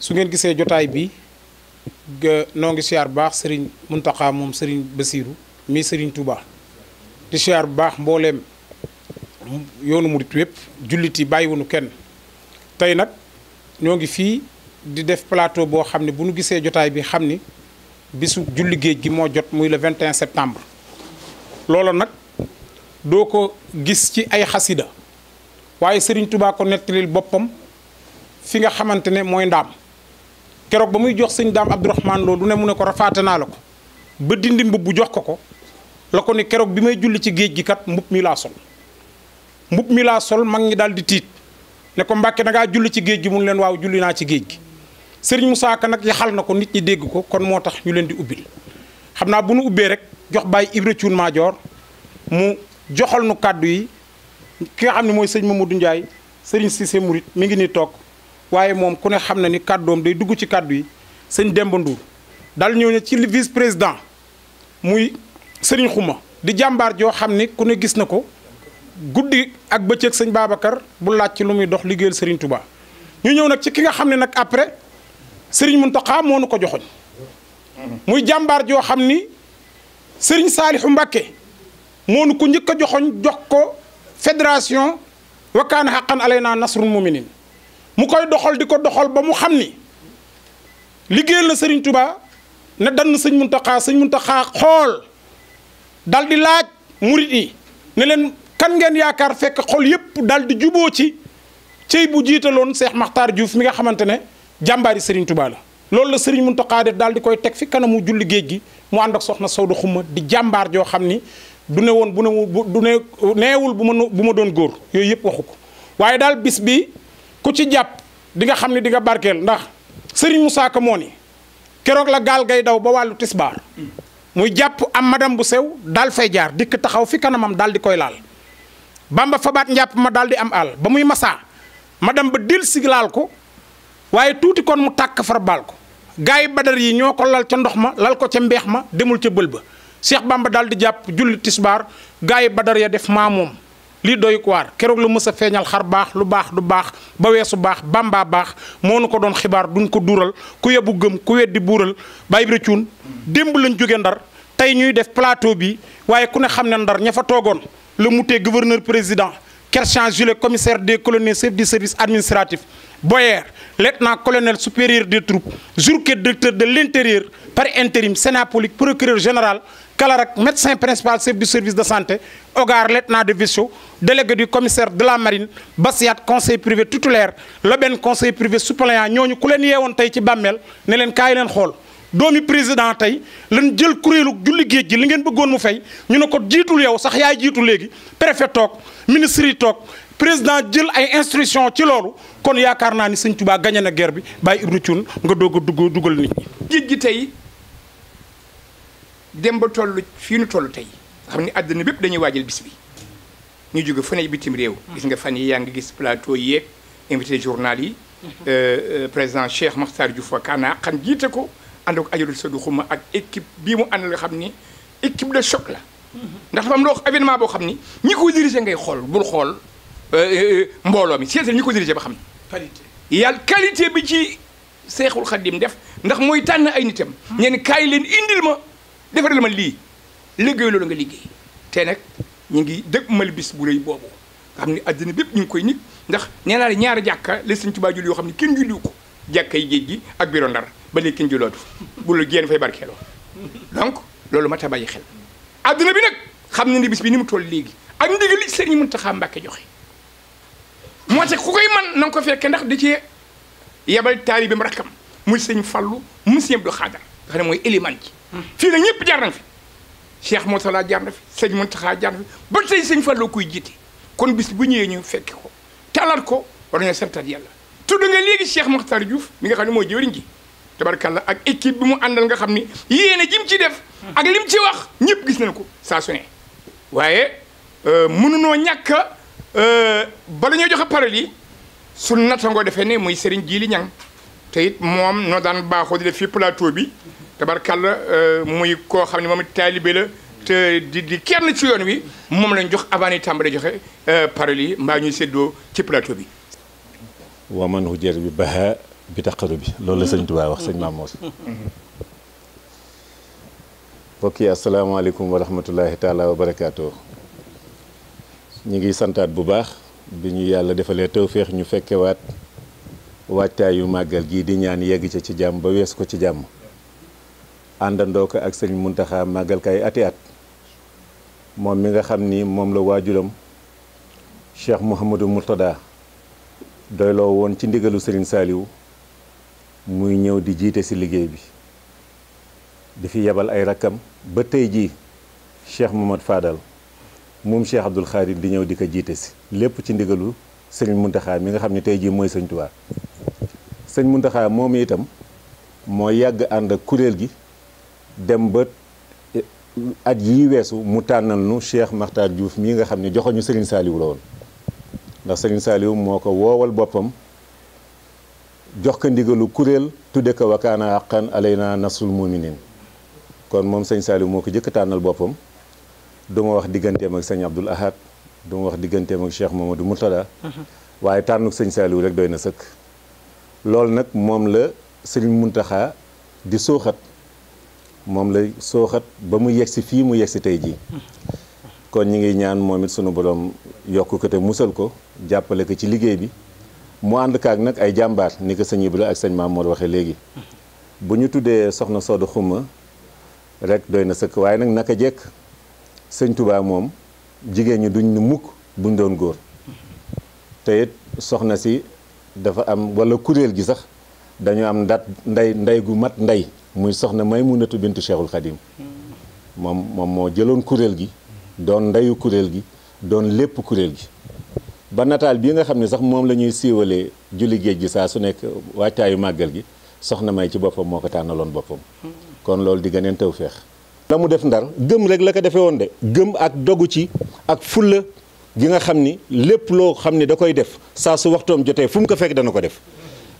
su ngeen gisee jotaay bi noo ngi siyaar bu baax Serigne Mountakha moom Serigne Bassirou mi Serigne Touba di siyaar bu baax mbooleem yoonu murit wépp jullit yi bàyyiwunu kenn tey nag ñoo ngi fii di def plateau boo xam ne bu ñu gisee jotaay bi xam ni bisu julli géej gi moo jot muy le 21 septembre loola nag doo ko gis ci ay xasida waaye Serigne Touba ko nettalil boppam fi nga xamante ne mooy ndaam keroog ba muy jox sëñ daam Abdourahman loolu ne mu ne ko rafaate naa la ko ba dindi mbubb bu jox ko ko la ko ni keroog bi may julli ci géej gi kat mbub mi laa sol mbubb mi laa sol mag ñi daal di tiit ne ko mbàkke da ngaa julli ci géej gi mun leen waaw julli naa ci géej gi sëriñ Moussa nag yaxal na ko nit ñi dégg ko kon moo tax ñu leen di ubbil xam naa bu nu ubbee rek jox bàyyi Ibra Cuun Maajoor mu joxal nu kàddu yi ki xam ne mooy sëñ Mamadou Ndiaye sëriñ Cissé Mouride mi ngi nii toog waaye moom ku ne xam na ni kàddoom day dugg ci kàddu yi sëñ Demba Ndour dal ñëw ne ci vice président muy sëriñ xuma di jàmbaar joo xam ne ku ne gis na ko guddi ak bëccëg sëñ Babacar bu laaj ci lu muy dox liggéeyal sëriñ Touba ñu ñëw nag ci ki nga xam ne nag après sëriñ Mountakha moo nu ko joxoñ muy jàmbaar joo xam ni sëriñ Saalihu Mbàkke moo nu ko njëkk a joxoñ jox ko fédération wakkaana xaqan alay naa nasrul muminin mu koy doxal di ko doxal ba mu xam ni liggéeyal na sëriñ tubaa ne dann sëñ Muntaxa sëñ Muntaxa xool dal di laaj mu yi ne leen kan ngeen yaakaar fekk xool yépp dal di juboo ci cey bu jiitaloon Seex Maxtaar Diouf mi nga xamante ne jàmbaari sëriñ tubaa la loolu la sëriñ Muntaxa def daal di koy teg fi kanamu julli géej gi mu ànd ak soxna Sawdu Xuma di jàmbaar joo xam ni du ne woon bu ne du ne neewul bu ma bu ma doon góor yooyu yëpp waxu ko ku ci jàpp di nga xam ne di nga barkeel ndax sëriñ musaa Ka moo ni keroog la gaal gay daw ba wàllu tisbaar muy jàpp am madam bu sew daal fay jaar dikk taxaw fi kanamam daal di koy laal bamba fabaat njàpp ma daal di am àll ba muy masaa madam ba dil laal ko waaye tuuti kon mu tàkk far baal ko gars yi badar yi ñoo ko lal ca ndox ma lal ko ca mbeex ma demul ca bël ba Cheikh Bamba daal di jàpp julli tisbaar gars yi badar ya def maamoom li doy ko waar keroog la mës a feeñal xar baax lu baax lu baax ba weesu baax bamba baax moo nu ko doon xibaar duñ ko duural ku yebbu gëm ku weddi buural bàyyi bi cuun démb lañ jóge ndar tey ñuy def plateau bi waaye ku ne xam ne ndar ña fa toogoon la mu tee gouverneur président Kerchan Jules commissaire des colonies chef du service administratif Boyer lieutenant-colonel supérieur des troupes Jourquet directeur de l'intérieur par intérim Sénapolique procureur général Kalarak, médecin principal chef du service de santé, Ogar, lieutenant de vaisseau, délégué du commissaire de la marine, Bassiat, conseil privé tutelaire, Leben, conseil privé suppléant, ñooñu ku leen yeewoon tey ci bàmmeel ne leen kaay leen xool doomi président tey lan jël kuréelu julli géej gi li ngeen bëggoon mu fay ñu ne ko jiitul yow sax yaay jiitu léegi préfet toog ministre yi toog président jël ay instruction ci loolu kon yaakaar naa ni sëñ Tuubaa gañe na guerre bi bàyyi Ibnu Cuun doog a dugal nit dem ba toll fii nu toll tey xam ni àddina bépp dañuy waajal bis bi ñu jóge fu ne bitim réew gis nga fan yi yaa ngi gis plateau yeeg invité journal yi mhm. euh, euh, président Cheikh Makhtar Diouf wa Kana xam jiite ko ànd ak ajorul sa du xuma ak équipe bii mu ànd la xam ni équipe de choc la mhm. ndax dafa am loo événement boo xam ni ñi ko dirigé ngay xool bul xool euh, mbooloo mi seetal ñi ko dirigé ba xam ni yàlla qualité bi ci seexul xadim def ndax mooy tànn ay nitam ñeen mhm. kaay leen indil ma defaral ma lii liggéey loolu nga liggéey te nag ñu ngi dëgmal bis bu rëy boobu xam ne àddina bépp ñu ngi koy nit ndax nee naa la ñaari jàkka la sëñ Tuubaa julli yoo xam ne kenn julliwu ko jàkkay géej gi ak biro ndar ba léegi kenn jullootu bu la génn fay barkeeloo donc loolu ma ta bàyyi xel àddina bi nag xam na ni bis bi ni mu toll léegi ak ndigal li sëriñ Muntaxa Mbàkke joxe moo tax ko koy man na ko fekkee ndax da cee yebal taalibeem rakkam muy sëñ Fallu mu sëñ Abdu Xaadar nga mooy éliman ci fii nag ñëpp jaar na fi Cheikh Moutala jaar na fi sëñ Mountakha jaar na fi ba tey sëñ Fallou koy jiite kon bis bu ñëwee ñu fekki ko talaat ko war nañoo santat yàlla tudd nga léegi Cheikh Makhtar Diouf mi nga xam ne mooy jëwriñ ji tabarkalla ak équipe bi mu àndal nga xam ni yéene jim ci def ak lim ci wax ñëpp gis nañ ko saa su ne waaye euh, mënunoo ñàkk euh, bala ñoo joxe parole yi su nattangoo defee ne muy Serigne Djili Niang te it moom noo daan baaxoo di def fii plateau bi tabarkàlla euh, muy koo xam ne moom taalibe la te di di kenn ci yoon wi moom lañ jox avant ñuy tàmbali joxe euh, parole yi mbaa ñuy séddoo ci plateau bi waa man hujjar bi baha bi taqaru bi loolu la sëñ Tuubaa wax sëñ Maam Moos mbokk yi asalaamaaleykum wa rahmatullahi taala wa barakaatu ngi santaat bu baax bi ñu yàlla defalee feex ñu fekkewaat waajtaayu màggal gii di ñaan yegg ca ci jàmm ba wees ko ci jàmm àndandoo ko ak sëñ Muntaxa màggal kay ati at moom mi nga xam ni moom la waajuram Cheikh Mouhamadou Mourtada doyloo woon ci ndigalu sëriñ Saaliw muy ñëw di jiite si liggéey bi di fi yebal ay rakkam ba tey jii Cheikh Mohamad Fadal moom Cheikh Abdoul Khadir di ñëw di ko jiite si lépp ci ndigalu sëriñ Muntaxa mi nga xam ne tey jii mooy sëñ sëñ Muntaxa moom itam moo yàgg ànd ak kuréel gi dem ba e, at yii weesu mu tànnal nu Cheikh Makhtar juuf mii nga xam ni joxoñu Serigne saaliw la woon ndax Serigne Saliou moo ko woowal boppam jox ko ndigalu kuréel tudde ko wakaana haqqan alayna nasrul muminin kon moom sëñ Saliou moo ko jëkk tànnal boppam du ma wax digganteem ak sëñ Abdoul Ahad du wax digganteem ak Cheikh Mamadou Murtada mhm. waaye tànnuk sëñ Saliou rek doy na sëkk loolu nag moom la Serigne Mountakha di sooxat moom la sooxat ba mu yegsi fii mu yegsi tey jii kon ñu ngi ñaan moom it sunu borom yokk ko te musal ko jàppale ko ci liggéey bi mu ànd kaak nag ay jàmbaar ni ko sëñ Ibra ak sëñ Mamour waxee léegi bu ñu tuddee soxna Soodu Xuma rek doy na sëkk waaye nag naka jekk sëñ Touba moom jigéen ñi duñ ni mukk buñ doon góor te soxna si dafa am wala kuréel gi sax dañu am ndat nday ndey gu mat ndey muy soxna may mu Maymunatu bintu Cheikhul Khadim moom moom moo jëloon kuréel gi doon ndayu kuréel gi doon lépp kuréel gi ba nataal bii nga xam ne sax moom lañuy siiwalee julli géej gi saa su nekk wàccaayu màggal gi soxna may ci boppam moo ko tànnaloon boppam kon loolu di gëneen taw feex la mu def ndar gëm rek la ko defee woon de gëm ak dogu ci ak fulla ji nga xam ni lépp loo xam ni da koy def saa su waxtoom jotee fu mu ko fekk dana ko def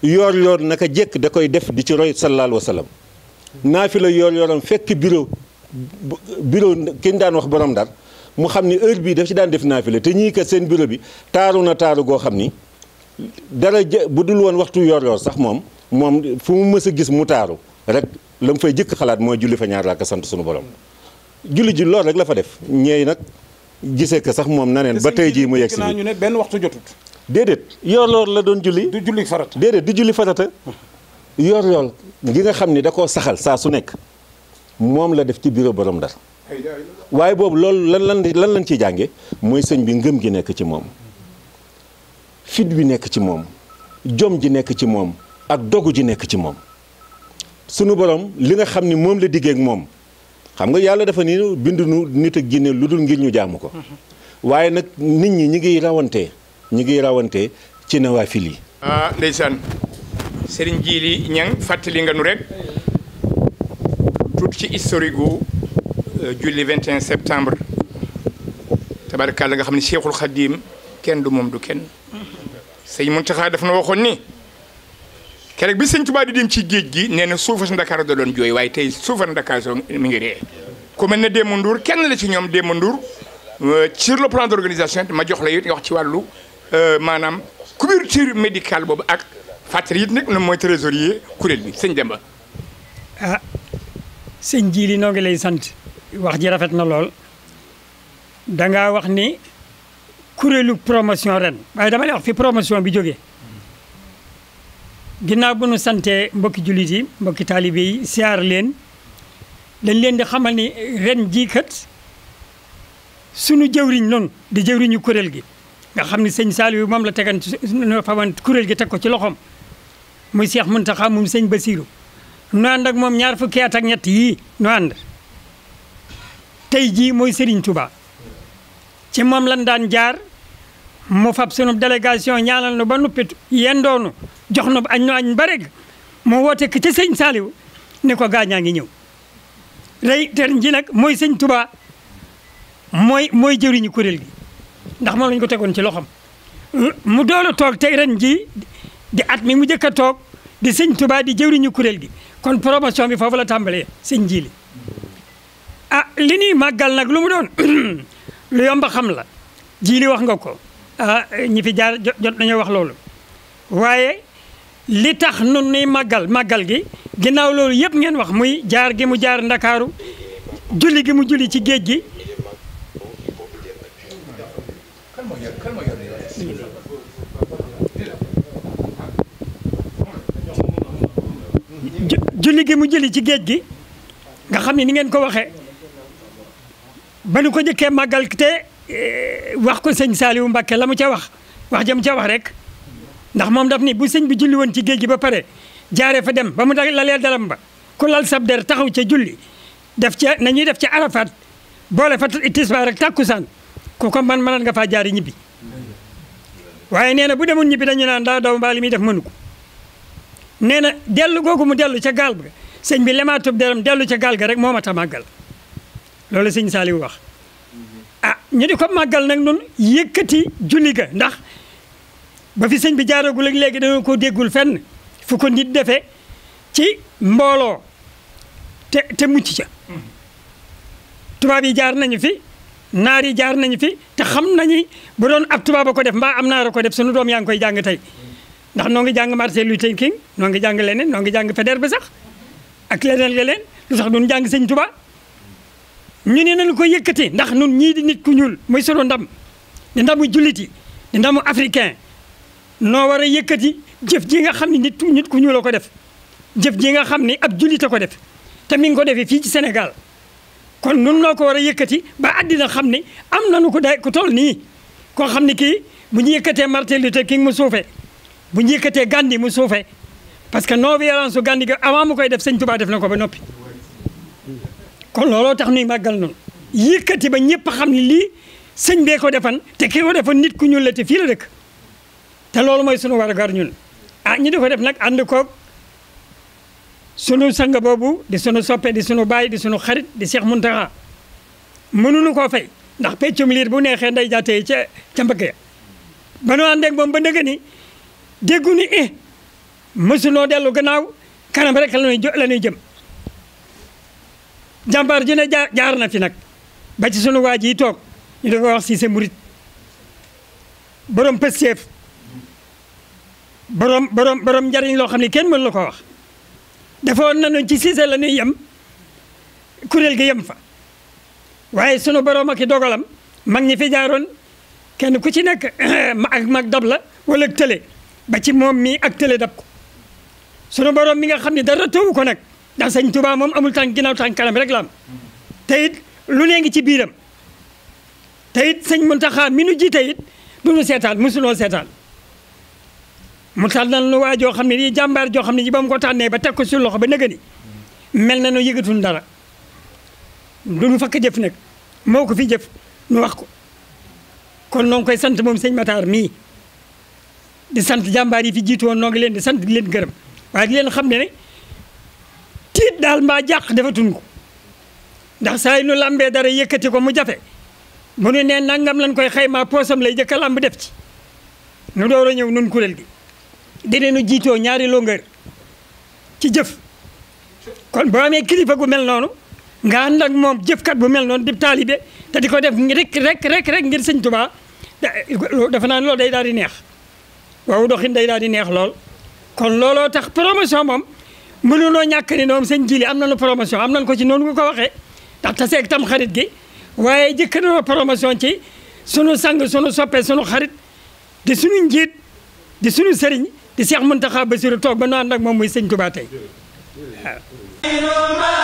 yoor yoor naka jekk da koy def di ci roy sallallahu alayhi wa sallam naafila yoor yooram fekk bureau bu ki ñu daan wax borom ndar mu xam ni heure bii daf ci daan def naafila te ñii kat seen bureau bi taaru na taaru goo xam ni dara jë bu dul woon waxtu yoor yoor sax moom moom fu mu mës a gis mu taaru rek la mu fay jëkk xalaat mooy julli fa ñaar laa ko sant sunu borom julli ji loolu rek la fa def ñeey nag gisee ko sax moom na naneen ba tey jii mu yegg si ñu ne benn waxtu jotut déedéet yor loor la doon julli du julli farata déedéet du julli farata yor yoor gi nga xam ni da koo saxal saa su nekk moom la def ci bureau borom Ndar waaye boobu loolu lan lan lan lañ ciy jànge mooy sëñ bi ngëm gi nekk ci moom fit bi nekk ci moom jom ji nekk ci moom ak dogu ji nekk ci moom sunu borom li nga xam ni moom la diggeek moom xam nga yàlla dafa ni bindunu nit ak jinne lu dul ngir ñu jaamu ko waaye nag nit ñi ñi ngi rawante ñi ngi rawante ci nawaafil yi ah ndeysaan sëriñ Jili Ñang fàttali nga nu rek tuuti ci historique gu euh, julli 21 septembre tabarkàlla nga xam ne Cheikhul Khadim kenn du moom du kenn sëñ Muntaxa daf na waxoon ni keroog bi sëñ Tuubaa di dem ci géej gi nee na suufu Ndakaaru da doon jooy waaye tey suufu Ndakaaru mi ngi ree ku na ne Demba Ndour kenn la ci ñoom Demba Ndour euh, sur le plan d' organisation ma jox la it nga wax ci wàllu euh, maanaam couverture médical boobu ak fàttali it nag mooy trésorier kuréel bi sëñ Demba. ah sëñ Jili noo ngi lay sant wax ji rafet na lool da ngaa wax ni kuréelu promotion ren waaye dama lay wax fi promotion bi jógee. ginnaaw bu nu santee mbokki jullit yi mbokki taalibe yi siyaar leen dañ leen di xamal ni ren jii kat sunu jëwriñ noon di jëwriñu kuréel gi nga xam ne sëñ Saliou moom la tegan faman kuréel gi teg ko ci loxoom muy Cheikh Mountakha moom sëñ Basirou nu ànd moom ñaar fukki at ak ñett yi nu ànd tey jii mooy sëriñ Touba ci moom lan daan jaar mu fab sunu délégation ñaanal nu ba nuppitu yendoonu jox na añ no añ ba rek moo woote ki ci sëñ Saliou ne ko gaañaa ngi ñëw rey ren ji nag mooy sëñ Touba mooy mooy jëriñu kuréel gi ndax moom lañ ko tegoon ci loxom mu doon toog tey ren ji di at mi mu njëkk a toog di sëñ Touba di jëriñu kuréel gi kon promotion bi foofu la tàmbalee sëñ ji li ah li ñuy màggal nag lu mu doon lu yomb xam la ji li wax nga ko ah ñi fi jaar jot nañoo wax loolu waaye li tax nun nuy màggal màggal gi ginnaaw loolu yëpp ngeen wax muy jaar gi mu jaar ndakaaru julli gi mu julli ci géej gi julli mu julli ci géej gi nga xam ne ni ngeen ko waxe ba nu ko jëkkee màggal te eh, wax ko sëñ Saliou Mbacke la mu ca wax wax jëm ca wax rek ndax moom daf ni bu sëñ bi julli woon ci géej gi ba pare jaaree fa dem ba mu da lalee dalam ba ku lal sab der taxaw ca julli def ca nañuy def ca arafat boole fa tisbaar ak takku ku ko man mënat nga fa jaari ñibbi waaye nee na bu demoon ñibbi dañu naan daa daw mbaa li muy def mënu ko nee na dellu googu mu dellu ca gaal ga sëñ bi lemaatub deram dellu ca gaal ga rek moo ma tax màggal loolu sëñ Saliou wax mhm. ah ñu di ko màggal nag noonu yëkkati julli ga ndax ba fi sëñ bi jaaragul ak léegi danga ko déggul fenn fu ko nit defe ci mbooloo te te mucc ca tubaab yi jaar nañu fi naar yi jaar nañu fi te xam nañu bu doon ab tubaab a ko def mbaa am naar ko def sunu doom yaa ngi koy jàng tey ndax noo ngi jàng Martin Luther King noo ngi jàng leneen noo ngi jàng bi sax ak leneen leneen lu sax duñ jàng sëñ tuba ñu ne ko yëkkati ndax nun ñii di nit ku ñuul muy sunu ndam di ndamu jullit yi di ndamu africain noo war a yëkkati jëf jii nga xam ne nit nit ku ñuuloo ko def jëf ji nga xam ne ab jullit ko def te mi ngi ko defee fii ci Sénégal kon nun noo ko war a yëkkati ba àddina xam ne am na nu ko day ko toll nii koo xam ne kii bu ñu yëkkatee Martin Luther King mu suufee bu ñu yëkkatee Gandhi mu suufee parce que non violence su Gandhi ga avant mu koy def sëñ Tuubaa def na ko ba noppi kon looloo tax nuy màggal noonu yëkkati ba ñëpp xam ni lii sëñ bee ko defan te kii ko defan nit ku ñuul la te la dëkk te loolu mooy sunu war a gar ñun a ah, ñu di ko def nag ànd koog sunu sang boobu di sunu soppe di sunu baay di sunu xarit di seex Cheikh Mountakha mënuñu ko fay ndax peccum liir bu neexee nday jaatee ca ca mbëkk ya ba noo ànd ak moom ba dëgg ni dégguñu eh mësunoo dellu gannaaw kanam rek la ñuy jëm jàmbaar ji ne jaar na fi nag ba ci sunu waa ji toog ñu di ko wax si sa murit borom pësteef borom borom borom njariñ loo xam ne kenn mënu la ko wax dafa nañu ci Cissé la ñuy yem kuréel gi yem fa waaye sunu borom ak i dogalam mag ñi fi jaaroon kenn ku ci nekk ak mag dab la wala tële ba ci moom mii ak tële dab ko sunu borom mi nga xam ne dara tëwu ko nag ndax sëñ Tuubaa moom amul tànk ginnaaw tànk kanam rek la am te it lu nee ngi ci biiram te it sëñ Muntaxa mi nu jiite it du nu seetaan mosuloo seetaan. mu tànnal nu waa joo xam ne nii jàmbaar joo xam ne ji ba mu ko tànnee ba teg ko si loxo ba nëgë ni mel na nu yëgatul dara du fakk jëf nag moo ko fi jëf wax ko noo ngi koy sant moom sëñ Matar mii di sant jàmbaar yi fi jiitu woon noo leen di sant leen gërëm waaye di leen xam ne ne tiit daal mbaa jàq defatuñ ko ndax saa yi nu lambee dara yëkkati ko mu jafe bu nu nee nangam lañ koy xaymaa poosam lay jëkk a lamb def ci nu door a ñëw nun kuréel gi di dinañu jiitoo ñaari longueur ci jëf kon boo amee kilifa gu mel noonu nga ànd ak moom kat bu mel noonu di taalibe te di ko def rek rek rek rek ngir sëñ Tuubaa dafa naan loolu day daal di neex waaw doxin day daal di neex lool kon looloo tax promotion moom mënunoo ñàkk ni moom sëñ jili am nañu promotion am nañu ko ci noonu nga ko waxee ndax taseeg tam xarit gi waaye jëkk nañoo promotion ci sunu sang sunu soppe sunu xarit di sunu njiit di sunu sëriñ di Cheikh Mountakha Bassirou toog ba naan nag moom muy sëñ Touba tey waaw